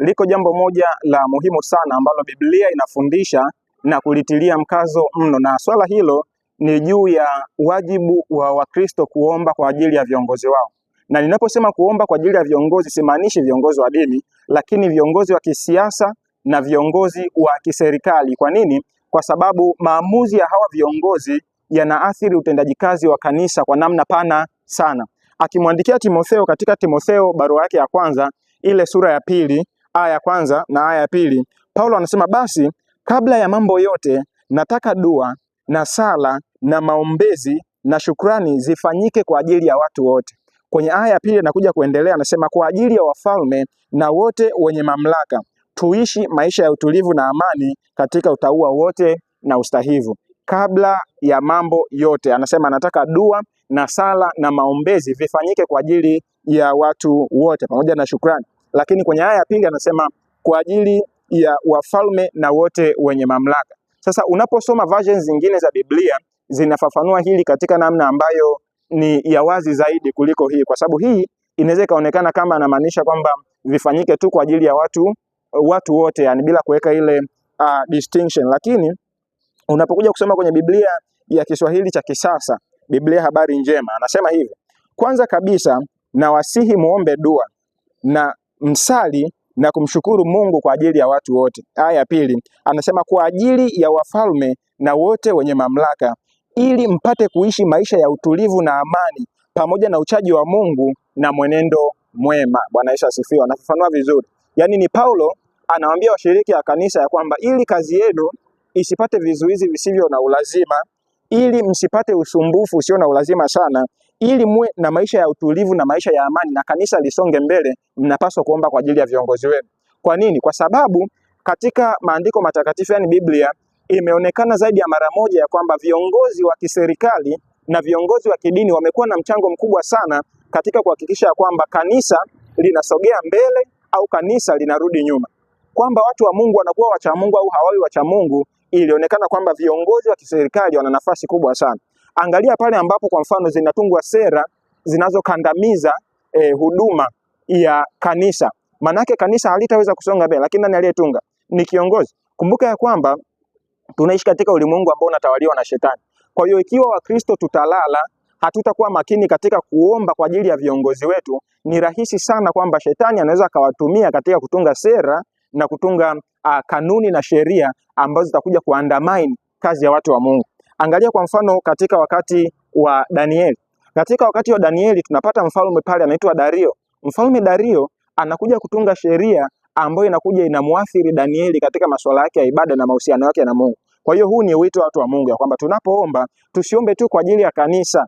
Liko jambo moja la muhimu sana ambalo Biblia inafundisha na kulitilia mkazo mno, na swala hilo ni juu ya wajibu wa Wakristo kuomba kwa ajili ya viongozi wao. Na ninaposema kuomba kwa ajili ya viongozi, simaanishi viongozi wa dini, lakini viongozi wa kisiasa na viongozi wa kiserikali. Kwa nini? Kwa sababu maamuzi ya hawa viongozi yanaathiri utendaji kazi wa kanisa kwa namna pana sana. Akimwandikia Timotheo katika Timotheo barua yake ya kwanza ile sura ya pili aya ya kwanza na aya ya pili, Paulo anasema basi, kabla ya mambo yote nataka dua na sala na maombezi na shukrani zifanyike kwa ajili ya watu wote. Kwenye aya ya pili anakuja kuendelea, anasema kwa ajili ya wafalme na wote wenye mamlaka, tuishi maisha ya utulivu na amani katika utaua wote na ustahivu. Kabla ya mambo yote anasema anataka dua na sala na maombezi vifanyike kwa ajili ya watu wote pamoja na shukrani lakini kwenye aya ya pili anasema kwa ajili ya wafalme na wote wenye mamlaka. Sasa unaposoma versions zingine za Biblia zinafafanua hili katika namna ambayo ni ya wazi zaidi kuliko hii, kwa sababu hii inaweza ikaonekana kama anamaanisha kwamba vifanyike tu kwa ajili ya watu watu wote, yani bila kuweka ile uh, distinction. Lakini unapokuja kusoma kwenye Biblia ya Kiswahili cha kisasa, Biblia Habari Njema, anasema hivi: kwanza kabisa nawasihi muombe dua na msali na kumshukuru Mungu kwa ajili ya watu wote. Aya ya pili anasema kwa ajili ya wafalme na wote wenye mamlaka, ili mpate kuishi maisha ya utulivu na amani, pamoja na uchaji wa Mungu na mwenendo mwema. Bwana Yesu asifiwe. Anafafanua vizuri, yaani ni Paulo anawaambia washiriki wa kanisa ya kwamba ili kazi yenu isipate vizuizi visivyo na ulazima, ili msipate usumbufu usio na ulazima sana, ili muwe na maisha ya utulivu na maisha ya amani na kanisa lisonge mbele, mnapaswa kuomba kwa ajili ya viongozi wenu. Kwa nini? Kwa sababu katika maandiko matakatifu, yani Biblia, imeonekana zaidi ya mara moja ya kwamba viongozi wa kiserikali na viongozi wa kidini wamekuwa na mchango mkubwa sana katika kuhakikisha kwamba kanisa linasogea mbele au kanisa linarudi nyuma, kwamba watu wa Mungu wanakuwa wacha Mungu au hawawi wacha Mungu. Ilionekana kwamba viongozi wa kiserikali wana nafasi kubwa sana. Angalia pale ambapo kwa mfano zinatungwa sera zinazokandamiza eh, huduma ya kanisa, manake kanisa halitaweza kusonga mbele, lakini nani aliyetunga? Ni kiongozi. Kumbuka ya kwamba tunaishi katika ulimwengu ambao unatawaliwa na Shetani. Kwa hiyo ikiwa Wakristo tutalala hatutakuwa makini katika kuomba kwa ajili ya viongozi wetu, ni rahisi sana kwamba shetani anaweza akawatumia katika kutunga sera na kutunga uh, kanuni na sheria ambazo zitakuja kuandamine kazi ya watu wa Mungu. Angalia kwa mfano katika wakati wa Danieli. Katika wakati wa Danieli tunapata mfalme pale anaitwa Dario. Mfalme Dario anakuja kutunga sheria ambayo inakuja inamuathiri Danieli katika masuala yake ya ibada na mahusiano yake na Mungu. Kwa hiyo huu ni wito watu wa Mungu ya kwamba tunapoomba tusiombe tu kwa ajili ya kanisa,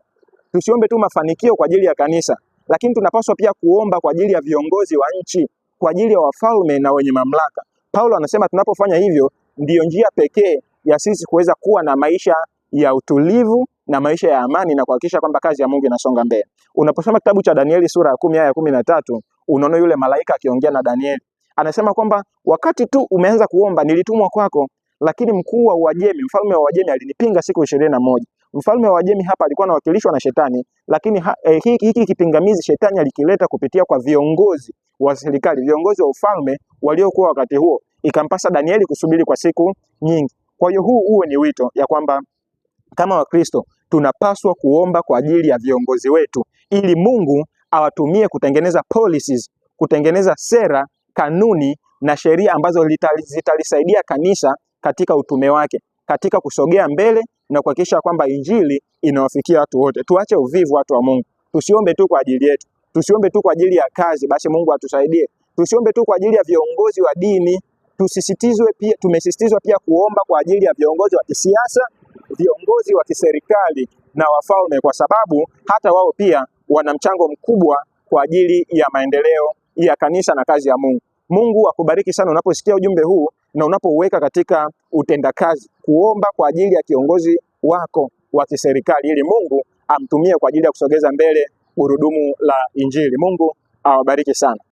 tusiombe tu mafanikio kwa ajili ya kanisa, lakini tunapaswa pia kuomba kwa ajili ya viongozi wa nchi, kwa ajili ya wafalme na wenye mamlaka. Paulo anasema tunapofanya hivyo ndiyo njia pekee ya sisi kuweza kuwa na maisha ya utulivu na maisha ya amani na kuhakikisha kwamba kazi ya Mungu inasonga mbele. Unaposoma kitabu cha Danieli sura ya kumi aya ya kumi na tatu unaona yule malaika akiongea na Danieli, anasema kwamba wakati tu umeanza kuomba nilitumwa kwako, lakini mkuu wa Uajemi, mfalme wa Uajemi alinipinga siku ishirini na moja. Mfalme wa Uajemi hapa alikuwa anawakilishwa na shetani, lakini ha, eh, hiki, hiki kipingamizi shetani alikileta kupitia kwa viongozi wa serikali, viongozi wa ufalme waliokuwa wakati huo, ikampasa Danieli kusubiri kwa siku nyingi. Kwa hiyo huu uwe ni wito ya kwamba kama Wakristo tunapaswa kuomba kwa ajili ya viongozi wetu ili Mungu awatumie kutengeneza policies, kutengeneza sera, kanuni na sheria ambazo zitalisaidia kanisa katika utume wake, katika kusogea mbele na kuhakikisha kwamba injili inawafikia watu wote. Tuache uvivu, watu wa Mungu, tusiombe tu kwa ajili yetu, tusiombe tu kwa ajili ya kazi, basi Mungu atusaidie. Tusiombe tu kwa ajili ya viongozi wa dini, tusisitizwe pia, tumesisitizwa pia kuomba kwa ajili ya viongozi wa kisiasa viongozi wa kiserikali na wafalme, kwa sababu hata wao pia wana mchango mkubwa kwa ajili ya maendeleo ya kanisa na kazi ya Mungu. Mungu akubariki sana unaposikia ujumbe huu na unapouweka katika utendakazi, kuomba kwa ajili ya kiongozi wako wa kiserikali ili Mungu amtumie kwa ajili ya kusogeza mbele gurudumu la Injili. Mungu awabariki sana.